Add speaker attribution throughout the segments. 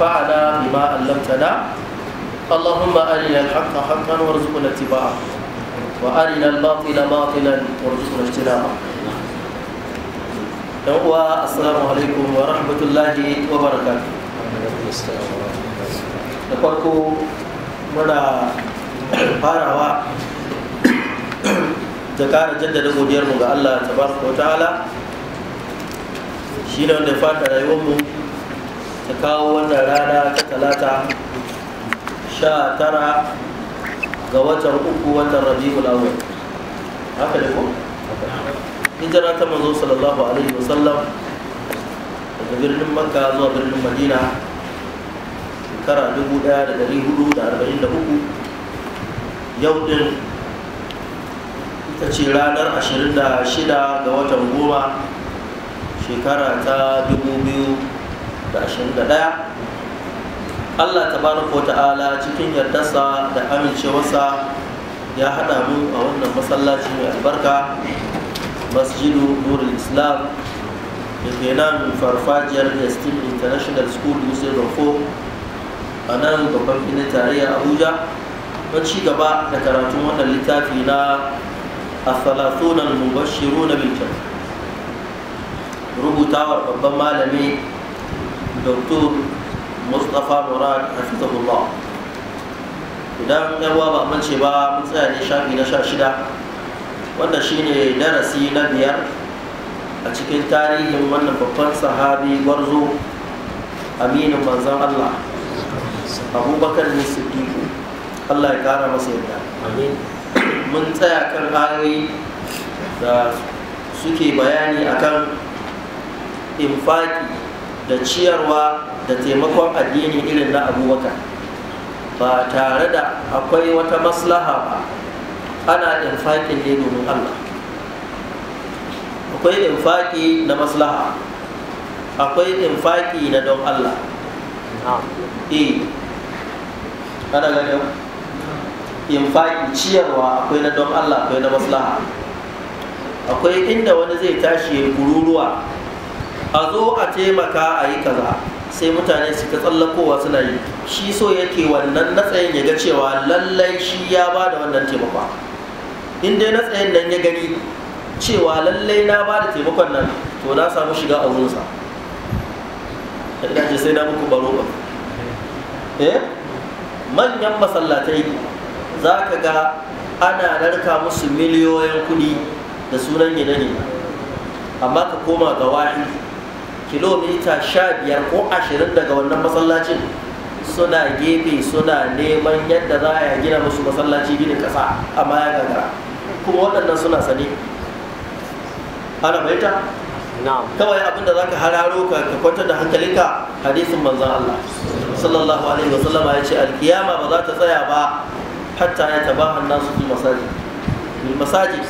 Speaker 1: وانفعنا بما علمتنا اللهم أرنا الحق حقا وارزقنا اتباعه وأرنا الباطل باطلا وارزقنا اجتنابه yawwa assalamu alaikum wa rahmatullahi wa da farko muna farawa da kara jaddada godiyarmu ga Allah ta ba ta'ala shi ne wanda ya fata rayuwarmu ta kawo wannan rana ta talata sha tara ga watan uku watan rabi'ul awwal haka ne ko hijira ta manzo sallallahu alaihi wasallam daga birnin makka zuwa birnin madina shekara 1443 yau din ita ce ranar 26 ga watan goma shekara ta biyu. da ɗaya allah ta ta'ala cikin yardarsa da amincewarsa ya haɗa mu a wannan masallaci mai albarka masjidu nurul islam da ke nan farfajiyar steam international school musaid rufo a nan babban filin tarayya abuja don ci gaba da karatun wannan littafi na asalasunan mubashiru na bilkin rubutawar babban malami doktor mustapha murad hafizahullah idan yawa ba ce ba mun tsaya ne shafi na sha wanda shine darasi na biyar a cikin tarihin wannan babban sahabi gwarzo aminin manzan allah abubakar ne siddiqu allah ya kara masa yadda mun tsaya kan ayoyi da suke bayani akan infaki da ciyarwa da taimakon addini irin na abubakar ba tare da akwai wata maslaha ba ana infaƙin ne domin allah akwai infaƙi na maslaha akwai infaƙi na don allah eh ana ganin infaƙi ciyarwa akwai na don allah akwai na maslaha akwai inda wani zai tashi ya kururuwa a zo a taimaka a yi kaza sai mutane su ta tsallakowa suna yi shi so yake wannan natsayin ya ga cewa lallai shi ya ba da wannan taimakon in dai natsayin nan ya gani cewa lallai na ba da taimakon nan to na samu shiga a wurinsa ina sai na muku baro ba eh? manyan masallatai za ka ga ana narka musu miliyoyin kuɗi da sunan gine ne amma ka koma ga wahi kilomita sha biyar ko ashirin daga wannan masallacin suna gefe suna neman yadda za a gina musu masallaci ginin kasa amma ya gagara kuma waɗannan suna sane ana kawai abinda za ka hararo ka kwantar da hankalinka hadisin manzan Allah sallallahu alaihi wasallam ya ce alkiyama ba za ta tsaya ba hatta ya hannun nasu fi masajid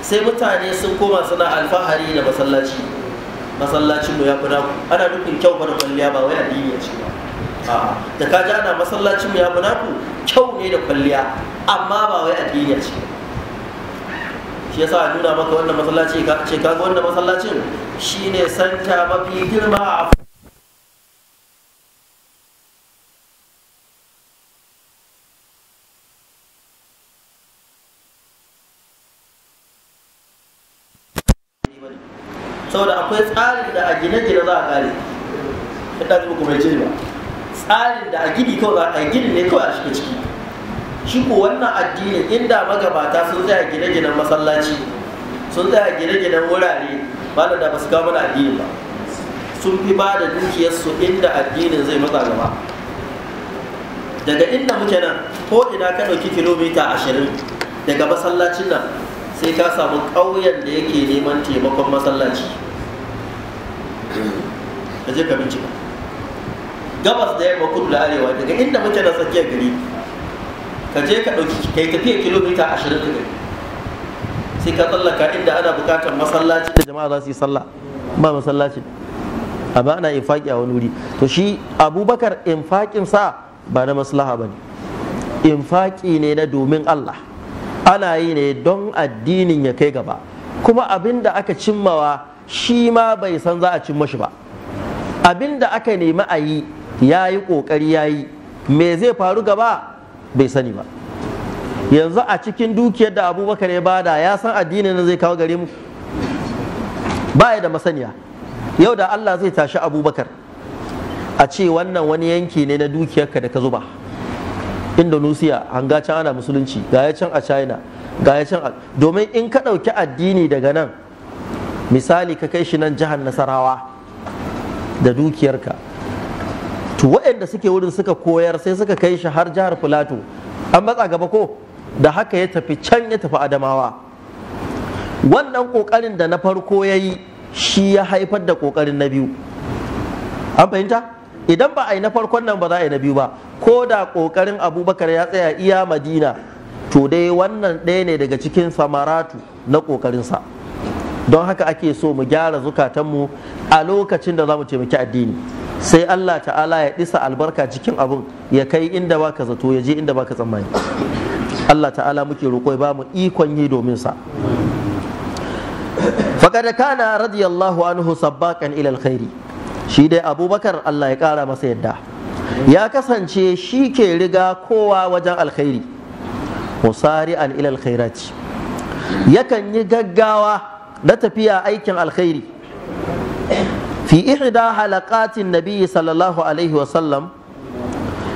Speaker 1: sai mutane sun koma suna alfahari da masallaci masallacin mu ya fi naku ana nufin kyau bar da kwalliya ba wai addini ya ce ba da ka ji ana masallacin mu ya fi naku kyau ne da kwalliya amma ba wai addini ya ce shi yasa a nuna maka wannan masallaci ce ga wannan masallacin shine santa mafi girma a tsarin da a gine-gine za a kare ya ɗazu ba kuma ba tsarin da a gini kawai za a gini ne kawai a shiga ciki shi ko wannan addinin inda magabata sun tsaya gine-ginen masallaci sun tsaya gine-ginen wurare ba da ba su kawo mana addinin ba sun fi ba da dukiyarsu inda addinin zai matsa gaba daga inda muke nan ko ina ka ɗauki kilomita ashirin daga masallacin nan sai ka samu ƙauyen da yake neman taimakon masallaci da je ka bincika gabas da yamma kudu da arewa daga inda muke na tsakiyar gari ka je ka ɗauki kai tafiya kilomita ashirin kudu sai ka tsallaka inda ana bukatar masallaci da jama'a za su yi sallah ba masallaci amma ana infaki a wani wuri to shi abubakar infakin sa ba na maslaha ba ne infaki ne na domin allah ana yi ne don addinin ya kai gaba kuma abin da aka cimmawa shi ma bai san za a cin mashi ba abin da aka nemi a yi ya yi ƙoƙari ya yi me zai faru gaba bai sani ba yanzu a cikin dukiyar da abubakar ya bada ya san addinin zai kawo gare mu ba ya da masaniya yau da allah zai tashi abubakar a ce wannan wani yanki ne na dukiyarka da ka zuba indonesia hanga can ana musulunci ga ya can a china ga ya can domin in ka ɗauki addini daga nan misali ka kai shi nan jihar nasarawa da dukiyarka to waɗanda suke wurin suka koyar sai suka kai shi har jihar filato an matsa gaba ko da haka ya tafi can ya tafi adamawa wannan ƙoƙarin da na farko ya yi shi ya haifar da ƙoƙarin na biyu an fahimta idan ba a yi na farkon nan ba za a yi na biyu ba ko da ƙoƙarin abubakar ya tsaya iya madina to dai wannan ɗaya ne daga cikin samaratu na ƙoƙarinsa. don haka ake so mu gyara zukatanmu a lokacin da za mu taimaki addini sai Allah ta'ala ya ɗisa albarka cikin abun ya kai inda baka zato ya je inda baka tsammani Allah ta'ala muke roƙo ba mu ikon yi domin sa faqad kana radiyallahu anhu sabbaqan ila alkhairi shi dai abubakar Allah ya ƙara masa yadda ya kasance shi ke riga kowa wajen alkhairi musari'an ila alkhairati yakan yi gaggawa na tafiya aikin alkhairi fi ihda halaqatin nabiyyi sallallahu alaihi wasallam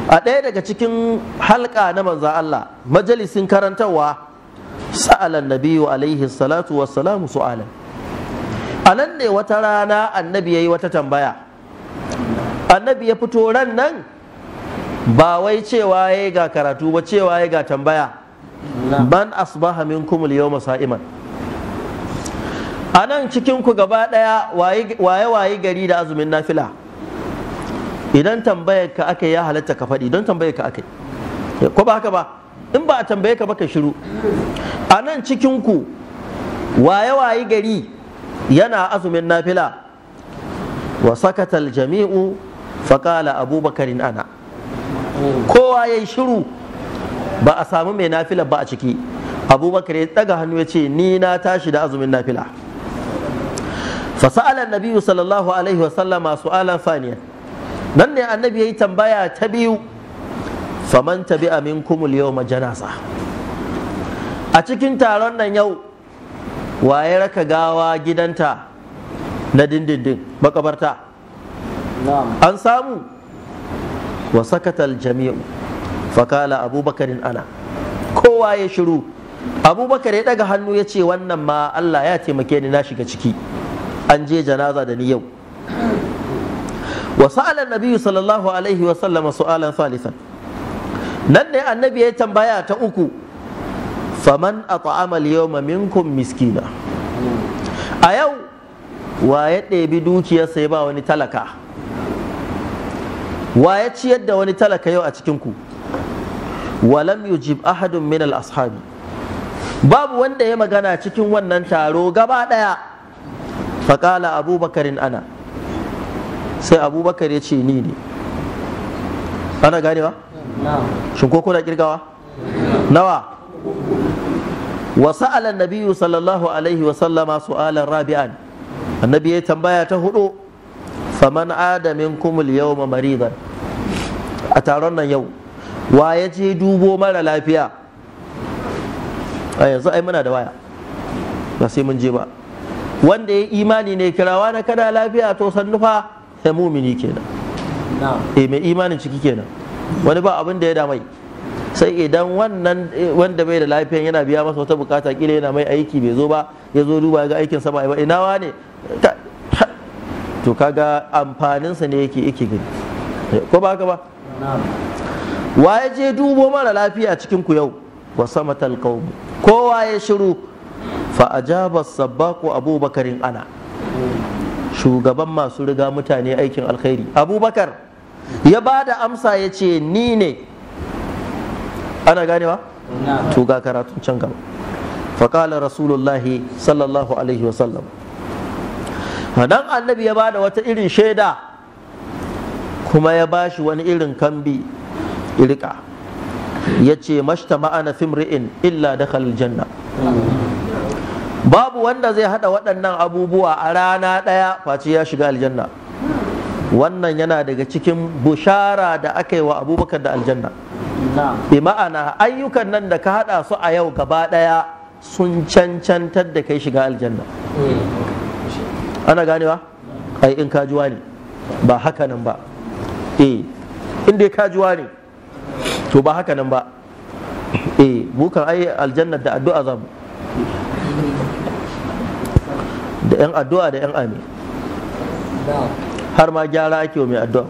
Speaker 1: a ɗaya daga cikin halka na manzan Allah majalisin karantarwa sa'alan nabiyyu alaihi salatu wassalamu su'alan a nan ne wata rana annabi ya yi wata tambaya annabi ya fito ran nan ba wai cewa ya ga karatu ba cewa ya ga tambaya ban asbaha minkum al-yawma sa'iman a nan cikinku gaba ɗaya waye waye gari da azumin nafila idan tambayar ka aka ya halatta ka faɗi don tambayar ka aka ko ba haka ba in ba a tambaye ka ba ka shiru a nan cikinku waye waye gari yana azumin nafila wa sakata aljami'u faƙala abubakarin ana kowa ya yi shiru ba a samu mai nafila ba a ciki abubakar ya ɗaga hannu ya ce ni na tashi da azumin nafila Fasa'alan Nabiyu Sallallahu alaihi wa sallam masu alamfaniya nan ne annabi yayi tambaya ta biyu? Fa mun ta bi a kumul yau A cikin taron nan yau, wa ya raka gawa gidanta na dindindin maƙabarta? An samu wa sakatal jami'a. Fakada Abubakar ana. Kowa ya shiru. Abubakar ya daga hannu ya ce wannan ma Allah ya taimake ni na shiga ciki. an je janaza da ni yau wa sa'ala nabiyyu sallallahu alaihi wa sallama su'alan salisan nan ne annabi ya tambaya ta uku faman at'ama al-yawma minkum miskina a yau wa ya ɗebi dukiyarsa ya ba wani talaka wa ya ciyar da wani talaka yau a cikinku walam yujib ahadun min al-ashabi babu wanda ya magana cikin wannan taro gaba ɗaya faƙala abubakarin ana sai abubakar ya ce ni ne ana ganewa? shin ko kuna kirgawa? nawa wa sa'ala nabiyyu sallallahu alaihi wa sallama su'alan rabi'an annabi ya tambaya ta hudu faman Adamin Kumul al-yawma maridan a taron nan yau wa ya je dubo mara lafiya a yanzu ai muna da waya ba sai mun je ba wanda ya imani ne kirawa na kana lafiya to nufa. fa sai mumini kenan eh mai imanin ciki kenan wani ba abin da ya damai sai idan wannan eh, wanda bai da lafiya yana biya masa wata bukata kila yana mai aiki bai zo ba ya zo duba ga aikin sa ba ina wa ne to kaga amfaninsa ne yake yake gani ko ba haka ba wa ya je dubo mara lafiya cikin ku yau wa samatal qaum kowa ya shiru fa ajaba sabbaku abubakarin ana shugaban masu riga mutane aikin alkhairi abubakar ya ba da amsa ya ce ni ne ana ganewa to ga karatun can gaba faƙalar rasulullahi sallallahu alaihi wasallam nan annabi ya ba da wata irin shaida kuma ya ba shi wani irin kambi irika ya ce mashta ma'ana fimri'in illa da janna babu wanda zai hada waɗannan abubuwa a rana ɗaya face ya shiga aljanna wannan yana daga cikin bushara da aka yi wa abubakar da aljanna bi ma'ana ayyukan nan da ka hada su a yau gaba ɗaya sun cancantar da kai shiga aljanna ana ganewa ai in kajuwa ne ba haka nan ba eh in dai kajuwa ne to ba haka nan ba eh mu kan ai aljanna da addu'a zamu da 'yan addu'a da 'yan ami har ma gyara ake wa mai addu'a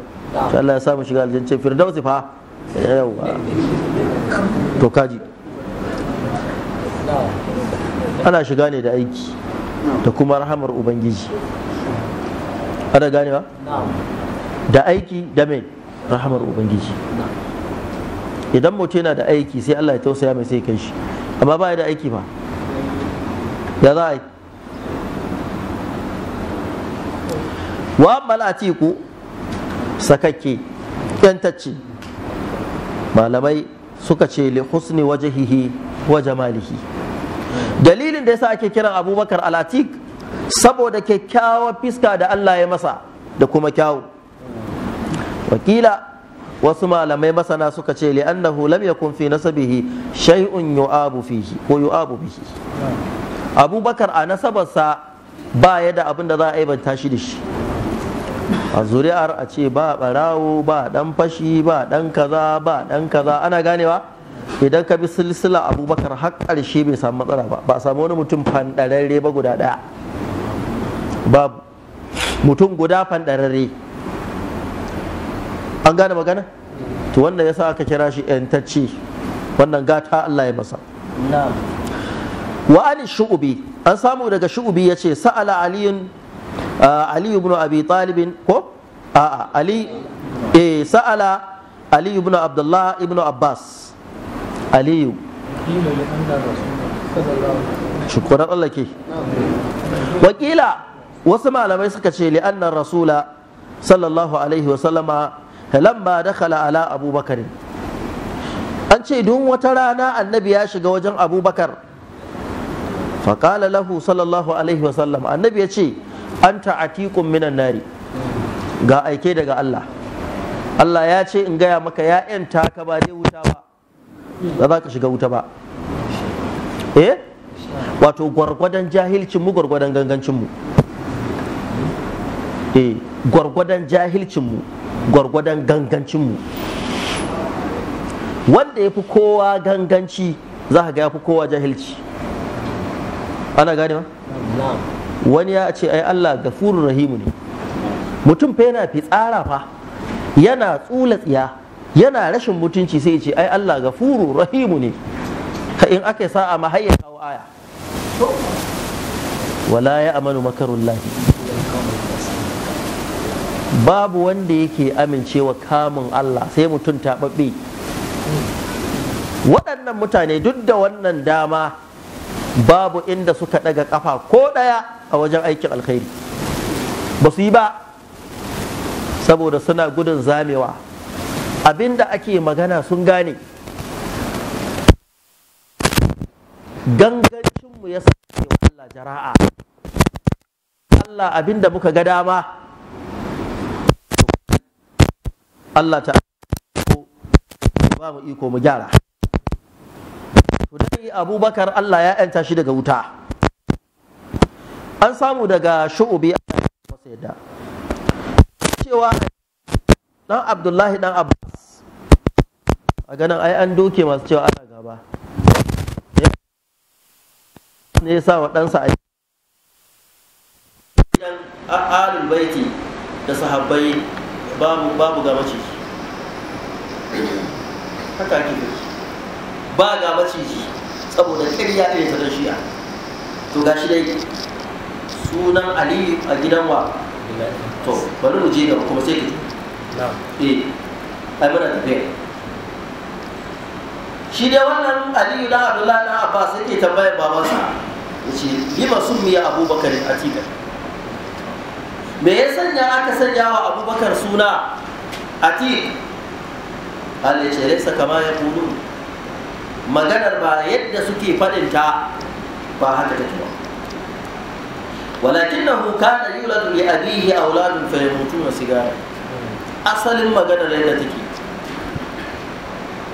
Speaker 1: to Allah ya samu shiga aljance firdausi fa yawa to kaji ana shiga ne da aiki da kuma rahamar ubangiji ana gane ba da aiki da mai rahamar ubangiji idan mutum yana da aiki sai Allah ya tausaya mai sai kai shi amma ba ya da aiki ba ya za a yi wa malatiku sakakke yantacce malamai suka ce li husni wajhihi wa jamalihi dalilin da yasa ake kiran abubakar alatik saboda kyakkyawar fiska da Allah ya masa da kuma kyawu wakila wasu malamai masana suka ce li annahu lam yakun fi nasabihi shay'un yu'abu fihi ko yu'abu bihi abubakar a nasabarsa ba ya da abin da za a aibanta shi da shi a zuri'ar a ce ba barawo ba dan fashi ba dan kaza ba dan kaza ana ganewa idan ka bi silsila abubakar har ƙarshe bai samu matsala ba ba samu wani mutum fandararre ba guda ɗaya ba mutum guda fandararre an gane magana to wanda ya sa aka kira shi yantacce wannan gata Allah ya masa wa an shu'ubi an samu daga shu'ubi ya ce sa'ala aliyun Ah, ali ibn abi talibin ko a'a ah, ah, ali eh sa'ala ali ibn abdullah ibn abbas ali shukuran Allah ke wakila wasu malamai suka ce li'annan rasula sallallahu alaihi wa wasallama lamma dakhala ala abubakar an ce don wata rana annabi ya shiga wajen abubakar faƙala lahu sallallahu alaihi wasallam annabi ya ce anta atiqun minan nari ga aike daga Allah Allah ya ce in gaya maka ya yanta ka ba dai wuta ba ba za ka shiga wuta ba eh wato gwargwadon jahilcin mu gwargwadon gangancin mu eh gwargwadon jahilcin mu gwargwadon gangancin mu wanda ya fi kowa ganganci za ka ga ya fi kowa jahilci ana gane ma? wani ya ce ai Allah gafuru rahimu ne mutum fa yana fitsara fa yana tsula tsiya yana rashin mutunci sai ya ce ai Allah gafuru rahimu ne ka in aka sa a hayya kawo aya wala ya amanu makarullahi babu wanda yake amincewa kamun Allah sai mutum taɓaɓɓe waɗannan mutane duk da wannan dama babu inda suka daga kafa ko daya a wajen aikin alkhairi ba su yi ba saboda suna gudun zamewa abinda ake magana sun gane gangancinmu ya sake Allah jara'a Allah abinda muka ga dama Allah ta ba mu iko mu gyara to dai abubakar Allah ya yanta shi daga wuta an samu daga shu'ubi wasu yadda cewa dan abdullahi dan abbas a ganin ai an doke masu cewa ana gaba ne ya sa wa ɗansa a yan alul baiti da sahabbai babu babu ga mace haka ake ba ga maciji saboda ƙarya ne ta shi'a to ga shi dai sunan aliyu a gidan wa to bari mu je ga kuma sai ka eh ai mana tafiya shi dai wannan aliyu na abdullahi na abbas yake tambayar babansa yace yi ma sun miya abubakar atika me ya sanya aka sanya wa abubakar suna atik Allah ya ce laisa kama ya kudu maganar ba yadda suke faɗinta ba haka take ba ولكنه كان يولد لأبيه mutu na sigara asalin maganar yadda take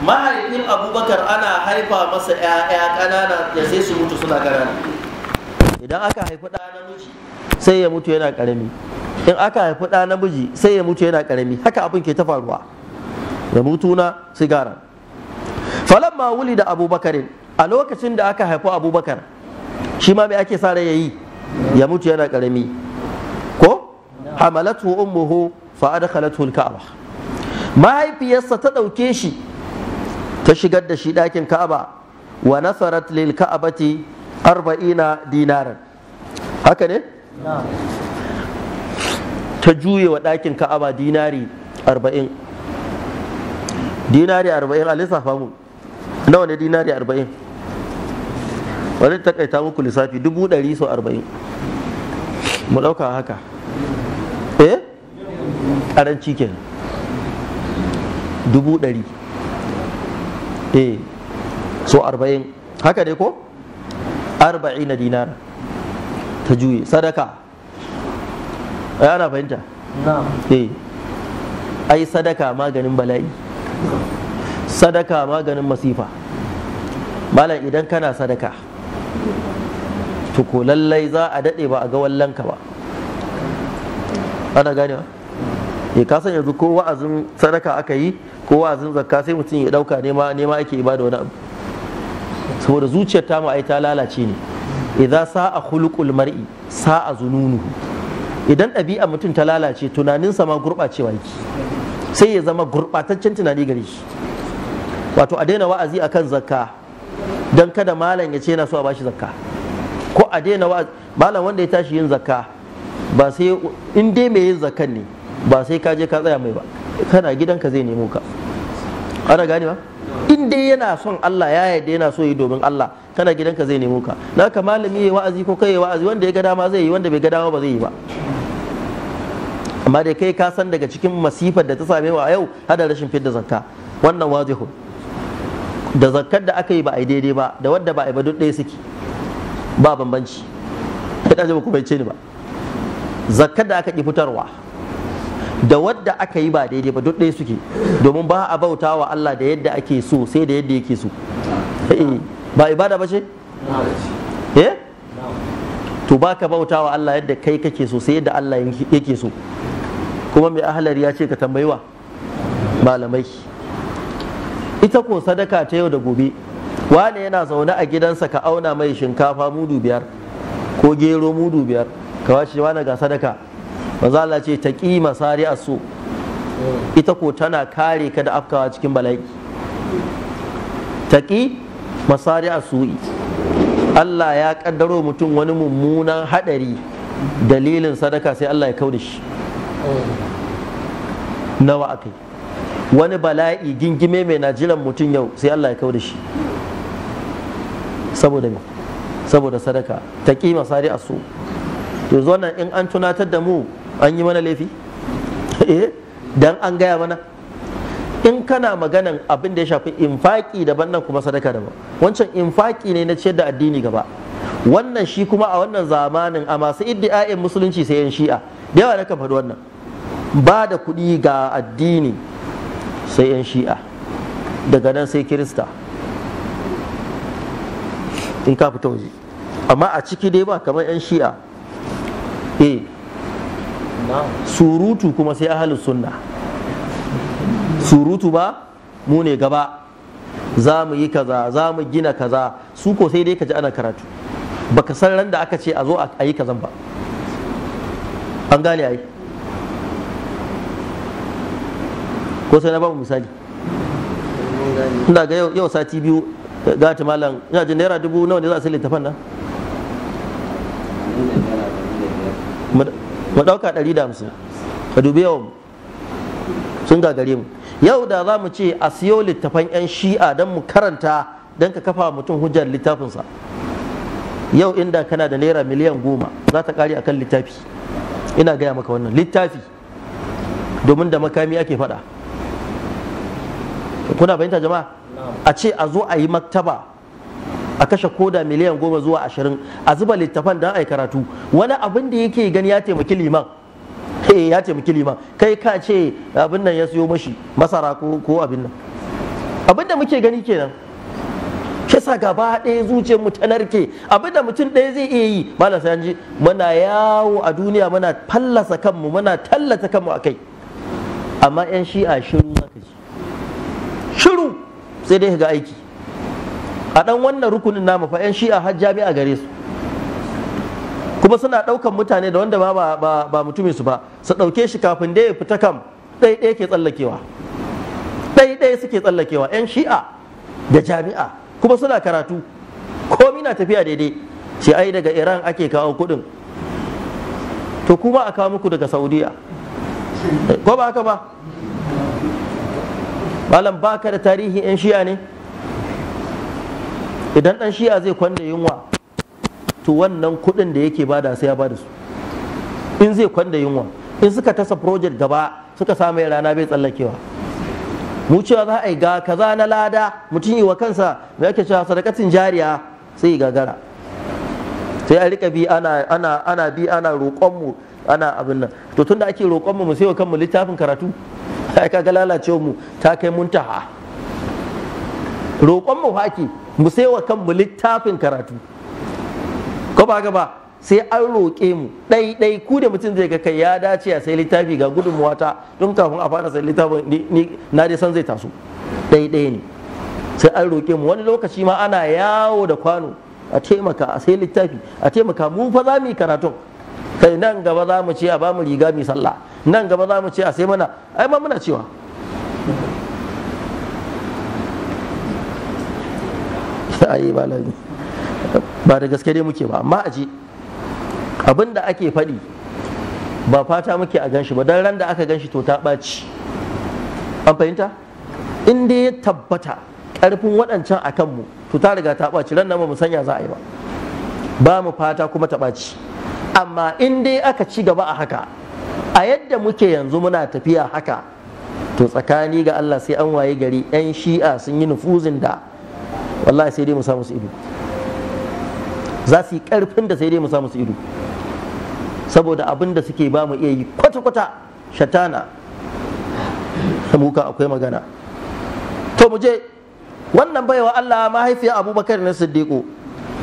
Speaker 1: mahaifin abubakar ana haifa masa 'ya'ya ƙanana ya sai su mutu suna ƙanana idan aka haifi ɗa namiji sai ya mutu yana ƙarami in aka haifi ɗa namiji sai ya mutu yana ƙarami haka abin ke ta faruwa ya mutu na sigara falamma wuli da abubakarin a lokacin da aka haifi abubakar shi ma mai ake sa rai yayi ya mutu yana karami ko hamalatu ummuhu fa adkhalathu al mahaifiyarsa ta dauke shi ta shigar da shi dakin ka'aba wa nasarat lil ka'abati 40 dinaran haka ne ta juye wa dakin ka'aba dinari 40 dinari 40 a lissafa mu nawa ne dinari arba'in wani takaita muku lissafi dubu ɗari sau arba'in mu ɗauka haka eh ƙaranci ke dubu ɗari eh so arba'in haka ne ko Arba'in na dinara ta juye sadaka ai eh, ana fahimta eh ai sadaka maganin bala'i sadaka maganin masifa malam idan kana sadaka tuko lallai za a daɗe ba a ga wallanka ba ana ganewa Ya eh, ka yanzu ko wa'azin sadaka aka yi ko wa'azin zakka sai mutum ya ɗauka nema nema ake da wani abu saboda zuciyar ta ai ta lalace ne idza a khuluqul mar'i a zununuhu idan ɗabi'a mutum ta lalace tunaninsa ma gurɓacewa yake sai ya zama gurɓataccen tunani gare shi wato a daina wa'azi akan zakka don kada malam ya ce yana so a bashi zakka ko a daina wa'azi malam wanda ya tashi yin zakka ba sai in dai mai yin zakkan ne ba sai ka je ka tsaya mai ba kana gidanka zai nemo ka ana gane ba in dai yana son Allah ya yarda yana so yi domin Allah kana gidanka zai nemo ka Na ka malami yayi wa'azi ko kai wa'azi wanda ya ga dama zai yi wanda bai ga dama ba zai yi ba amma dai kai ka san daga cikin masifar da ta same wa yau hada rashin fidda zakka wannan wazihu da zakkar da aka yi ba a yi daidai ba da wadda ba a yi ba duk ɗaya suke ba bambanci ya ɗaje ba ku bai ni ba zakkar da aka ƙi fitarwa da wadda aka yi ba daidai ba duk ɗaya suke domin ba a bauta wa Allah da yadda ake so sai da yadda yake so eh, ba ibada ba ce? eh to ba ka bauta wa Allah yadda kai kake so sai yadda Allah yake so kuma mai ahalari ya ce ka tambayi wa malamai ita ko sadaka ta yau da gobe wane yana zaune a gidansa ka auna mai shinkafa mudu biyar ko gero mudu biyar ka wace wane ga sadaka manzo Allah ce ta kima tsari a so ita ko tana kare ka da afkawa cikin bala'i ta masari a su'i Allah ya kaddaro mutum wani mummunan hadari dalilin sadaka sai Allah ya kau shi nawa akai wani bala'i gingime mai najiran mutum yau sai Allah ya kawo da shi saboda me saboda sadaka ta kima sari a su zo nan in an tunatar da mu an yi mana laifi eh dan an gaya mana in kana maganan abin da ya shafi infaki daban nan kuma sadaka daban wancan infaki ne na ciyar da addini gaba wannan shi kuma a wannan zamanin a masu iddi'a'in musulunci sai yan shi'a da yawa na kan faɗi wannan ba da kuɗi ga addini sai 'yan shi'a daga nan sai kirista in ka fita waje amma a ciki dai ba kamar 'yan shi'a eh surutu kuma sai ahalus sunna surutu ba mu ne gaba za mu yi kaza za mu gina kaza su ko sai dai ka ji ana karatu baka san ran da aka ce a zo a yi kazan ba an gane ayi. ko sai na ba mu misali ina ga yau sati biyu ga ta malam ina jin naira dubu nawa ne za a sai littafan nan mu ɗauka ɗari da hamsin ka dubi yawan sun gagare mu yau da za mu ce a siyo littafan 'yan shi'a don mu karanta don ka kafa mutum hujjar littafinsa yau inda kana da naira miliyan goma za ta kare akan littafi ina gaya maka wannan littafi domin da makami ake faɗa kuna fahimta jama'a a ce a zo a yi maktaba a kashe koda miliyan goma zuwa ashirin a zuba littafan don a yi karatu wani abin da yake gani ya taimaki liman eh, ya taimaki liman kai ka ce abin nan ya siyo mashi masara ko abin nan abin da muke gani kenan kisa gaba ɗaya zuciyar mu ta narke abin da mutum ɗaya zai iya yi malam sai ji muna yawo a duniya muna fallasa kanmu muna tallata kanmu a kai. amma 'yan shi'a shiru zaka ji sai dai ga aiki a dan wannan rukunin namu fa yan shi'a har jami'a gare su kuma suna ɗaukan mutane da wanda ba ba mutumin su ba su ɗauke shi kafin da ya fita kam dai dai ke tsallakewa dai dai suke tsallakewa yan shi'a da jami'a kuma suna karatu komi na tafiya daidai sai ai daga iran ake kawo kuɗin? to kuma a kawo muku daga saudiya eh, ko ba haka ba malam baka da tarihi yan shiya ne idan dan shiya zai kwanda yunwa to wannan kuɗin da yake bada sai ya bada su in zai kwanda yunwa in suka tasa project gaba suka samu rana bai tsallakewa mu cewa za a yi ga kaza na lada mutum yi wa kansa mai ake cewa sadakacin jariya sai gagara sai a rika bi ana ana ana bi ana roƙon ana abin nan to tunda ake roƙon mu mu sai wa kanmu littafin karatu ai ga lalacewar mu ta kai muntaha roƙon mu faki mu sai wa kanmu littafin karatu ko ba ga sai an roƙe mu ɗaiɗai ku da mutum zai ga kai ya dace a sai littafi ga gudunmuwa ta don kafin a fara sai littafin ni na dai san zai taso ɗaiɗai ne sai an roƙe mu wani lokaci ma ana yawo da kwano a taimaka a sai littafi a taimaka mu fa za mu yi karatun kai nan gaba za mu ce a bamu riga mai sallah nan gaba za mu ce a sai mana ai ma muna cewa ba da gaske dai muke ba amma a ji abin da ake faɗi ba fata muke a ganshi ba don ran da aka ganshi to ta ɓaci an fahimta in dai ya tabbata ƙarfin waɗancan a kanmu to ta riga ta ɓaci ran nan ba mu sanya za a yi ba ba mu fata kuma ta ɓaci amma in dai aka ci gaba a haka a yadda muke yanzu muna tafiya haka to tsakani ga Allah sai an waye gari 'yan shi'a sun yi nufuzin da wallahi sai dai mu samu su ido za su yi karfin da sai dai mu samu su ido saboda abin da suke ba mu iya yi kwata-kwata shatana muka akwai magana to mu je wannan baiwa Allah mahaifiyar abubakar na siddiqu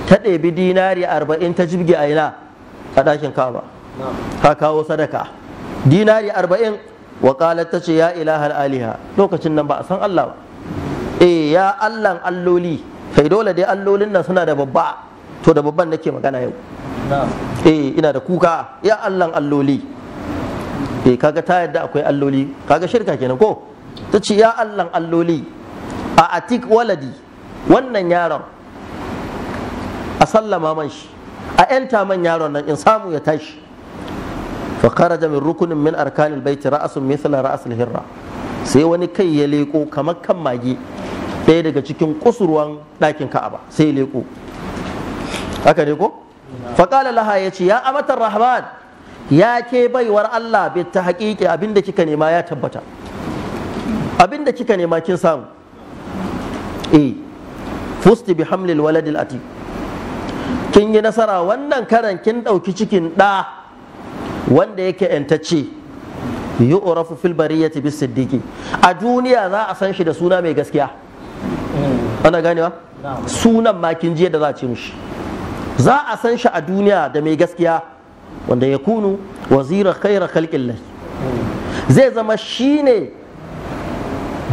Speaker 1: ta ɗebi dinari arba'in ta jibge a a ɗakin kaba ka kawo sadaka dinari arba'in wa qalat ta ce ya ilahar aliha lokacin nan ba a san Allah ba eh ya allan alloli sai dole dai allolin nan suna da babba to da babban nake magana yau eh ina da kuka ya allan alloli eh kaga ta yadda akwai alloli kaga shirka kenan ko ta ce ya allan alloli a atik waladi wannan yaron a sallama man shi a yanta man yaron nan in samu ya tashi fa kharaja min rukunin min arkanil baiti ra'sun mithla ra'asul hirra sai wani kai ya leko kamar kan mage ɗaya daga cikin kusurwan ɗakin ka'aba sai ya leko haka ne ko qala laha ya ce ya amatar rahman ya ke baiwar Allah bi ta haƙiƙi abinda kika nema ya tabbata abinda kika nema kin samu eh fusti bi hamlil waladil ati kin yi nasara wannan karan kin ɗauki cikin ɗa wanda yake ‘yantacce urafu fil bariyati bis siddiqi a duniya za a san shi da suna mai gaskiya ana ganewa sunan makin jiya da za a ce mishi za a san shi a duniya da mai gaskiya wanda ya kunu wazira khaira khalqillah zai zama shine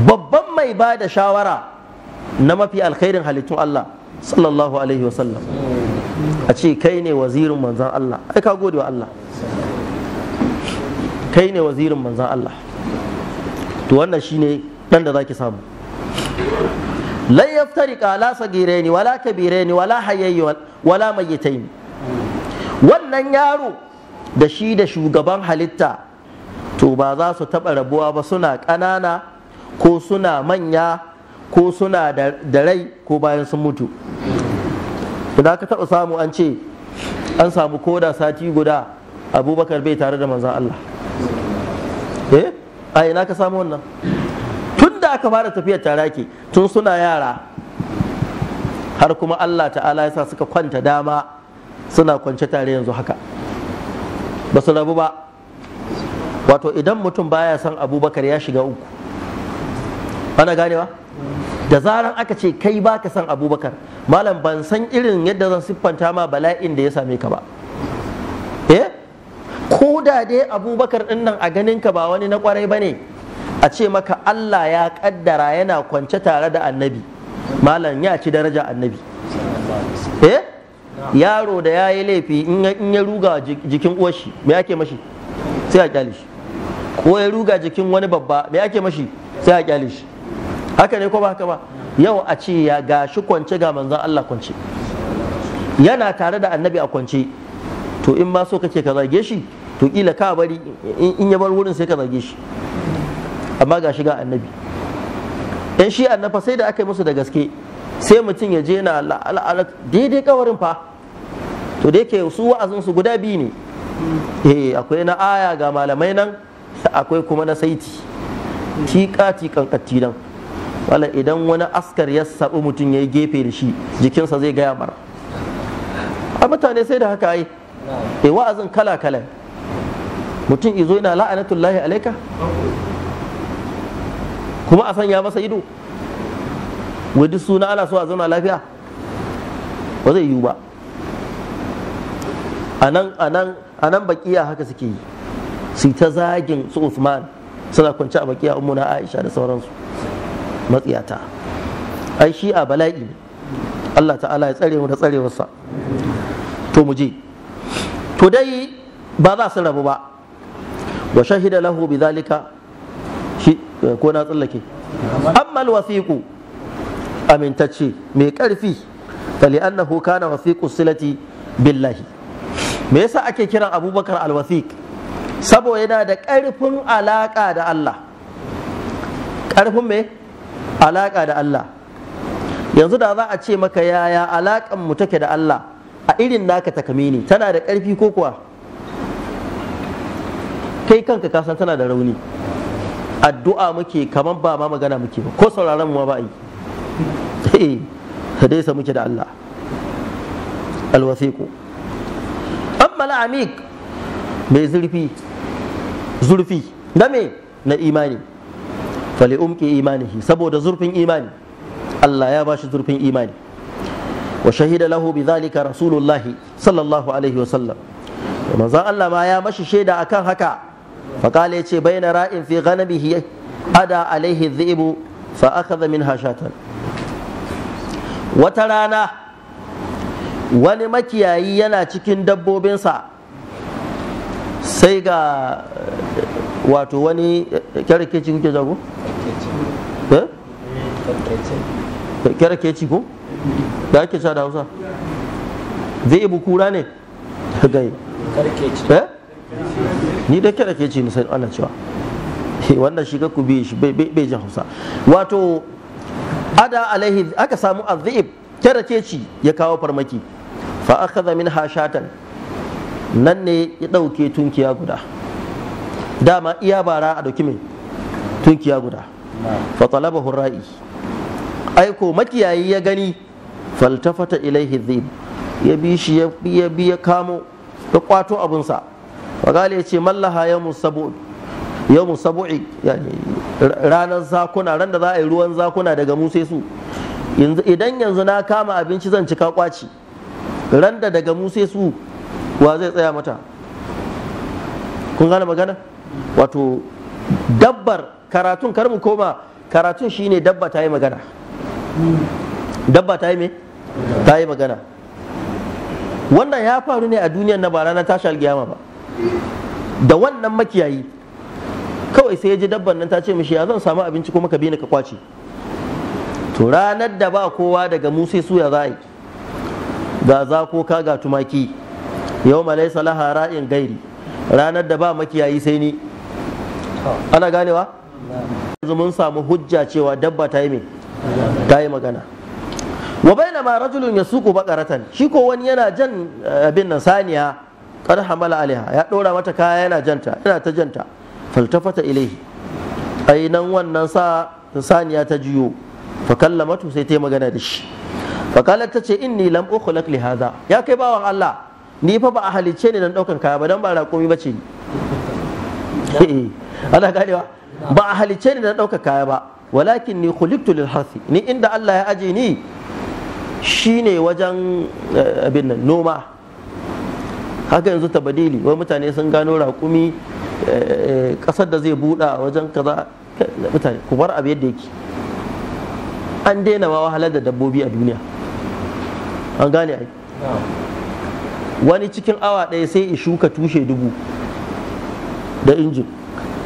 Speaker 1: babban mai ba da shawara na mafi alkhairin halittun Allah sallallahu alaihi wasallam a ce kai ne wazirin manzan Allah ai ka gode wa Allah kai ne wazirin manzan Allah to wannan shine dan da zaki samu lan yaftari la sagiraini wala ni wala hayayyi wala mayyitaini wannan yaro da shi da shugaban halitta to ba za su taɓa rabuwa ba suna ƙanana ko suna manya ko suna da rai ko bayan sun mutu idan ka taɓa samu an ce an samu koda sati guda abubakar bai tare da manzan Allah eh a ina ka samu wannan tun da aka fara tafiyar tare ke tun suna yara har kuma Allah ta'ala ya sa suka kwanta dama suna kwance tare yanzu haka ba su rabu ba wato idan mutum baya son abubakar ya shiga uku ana ganewa da zaran aka ce kai ba ka san abubakar malam ban san irin yadda zan siffanta ma bala'in da ya same ka ba eh ko da dai abubakar din nan a ganin ka ba wani na kwarai ba ne a ce maka allah ya kaddara yana kwance tare da annabi malam ya ci daraja annabi eh? yaro da ya yi laifi in ya ruga jikin uwashi me ake mashi sai a kyale shi ko ya ruga jikin wani babba me ake mashi sai a kyale shi haka ne ko ba haka ba yau a ce ya gashi kwance ga manzon Allah kwance yana tare da annabi a kwance to in ma so kake ka zage shi to kila ka bari in ya bar wurin sai ka zage shi amma gashi ga annabi in shi annafa sai da aka yi musu da gaske sai mutum ya je na al'alak daidai kawarin fa to da yake su wa'azin su guda biyu ne eh akwai na aya ga malamai nan akwai kuma na saiti tika tikan kattidan nan wala idan wani askar ya sabu mutum ya yi gefe da shi jikinsa zai gaya mara a mutane sai da haka ai e wa'azin kala kala mutum izo yana la'anatullahi alaika kuma a sanya masa ido wadi suna ana so a zauna lafiya ba zai yiwu ba a nan bakiya haka suke yi su ta zagin su Usman suna kwanci a bakiya ummuna Aisha da sauransu matsiyata ai shi a bala'i ne Allah ta'ala ya tsare mu da tsarewarsa to mu je to dai ba za su rabu ba wa shahida lahu bi zalika shi ko na tsallake amma alwasiqu amintacce mai karfi fali annahu kana wasiqu silati billahi me yasa ake kiran abubakar alwasiq saboda yana da karfin alaka da Allah karfin me Alaƙa da Allah yanzu da za a ce maka yaya alaƙan mu take da Allah a irin naka takamini tana da ƙarfi ko kuwa kai kanka ka san tana da rauni addu'a muke kamar ba ma magana muke ba ko sauraron mu ba yi eh, dai sa muke da Allah alwasiqu amma la'amik mai zurfi zurfi na me na imani fali umki imanihi saboda zurfin imani Allah ya bashi zurfin imani wa shahida lahu bi zalika rasulullahi sallallahu alaihi wa sallam manzon Allah ma ya mashi shaida akan haka faqala yace baina ra'in fi ghanamihi ada alaihi dhi'bu fa akhadha minha shatan wata rana wani makiyayi yana cikin dabbobinsa sai ga wato wani eh, eh, kyarkeci kuke jago? Eh? kera ke ci ko da ake sha da hausa zai ibu kura ne gai ni da kera ke ci sai eh? ana cewa eh, wanda shi ku kubi shi bai jin hausa wato ada alaihi aka samu azib kera ke ci ya kawo farmaki fa aka min hashatan nan ne ya ɗauke tunkiya guda dama iya bara a dauki mai tunkiya guda fa talabahu ra'i aiko makiyayi ya gani faltafata ilaihi dhib ya bi shi ya bi ya kamo ya kwato abun abinsa wakali ya ce mallaha ya musabu ya musabu'i ranar zakuna ran da za a yi ruwan zakuna daga mu sai su idan yanzu na kama abinci zan cika kwaci ran da daga mu su wa zai tsaya mata kun gane magana wato dabbar karatun kar mu koma karatun shine dabba ta yi magana dabba ta yi me ta yi magana wannan ya faru ne a duniyar na ba ranar tashi algiyama ba da wannan makiyayi kawai sai ya ji dabban nan ta ce mishi ya zan samu abinci kuma ka bi ni ka kwace to ranar da ba kowa daga mu sai suya za yi ga ga tumaki yau malai salaha ra'in gairi ranar da ba makiyayi sai ni ana ganewa yanzu mun samu hujja cewa dabba ta yi me ta yi magana wa baina ma rajulun suku bakaratan shi ko wani yana jan eh, abin nan saniya qad hamala alaiha ya dora mata kaya yana janta yana ta janta faltafata ilaihi ai nan wannan sa saniya ta jiyo fa kallamatu sai ta yi magana da shi fa qalat ta ce inni lam ukhlaq li hadha ya kai bawan Allah ni fa ba a halice ni dan daukan kaya ba dan ba raƙumi bace ni eh, eh. ana ganewa ba a halice ni da ɗauka kaya ba walakin ni khuliktu lil harsi ni inda Allah ya aje ni shine wajen eh, abin nan noma haka yanzu tabadili wai mutane sun gano raƙumi eh, eh, ƙasar da zai buɗa wajen kaza mutane ku bar abu yadda yake an daina ma wahalar da dabbobi a duniya an gane ai wani cikin awa ɗaya sai i shuka tushe dubu da injin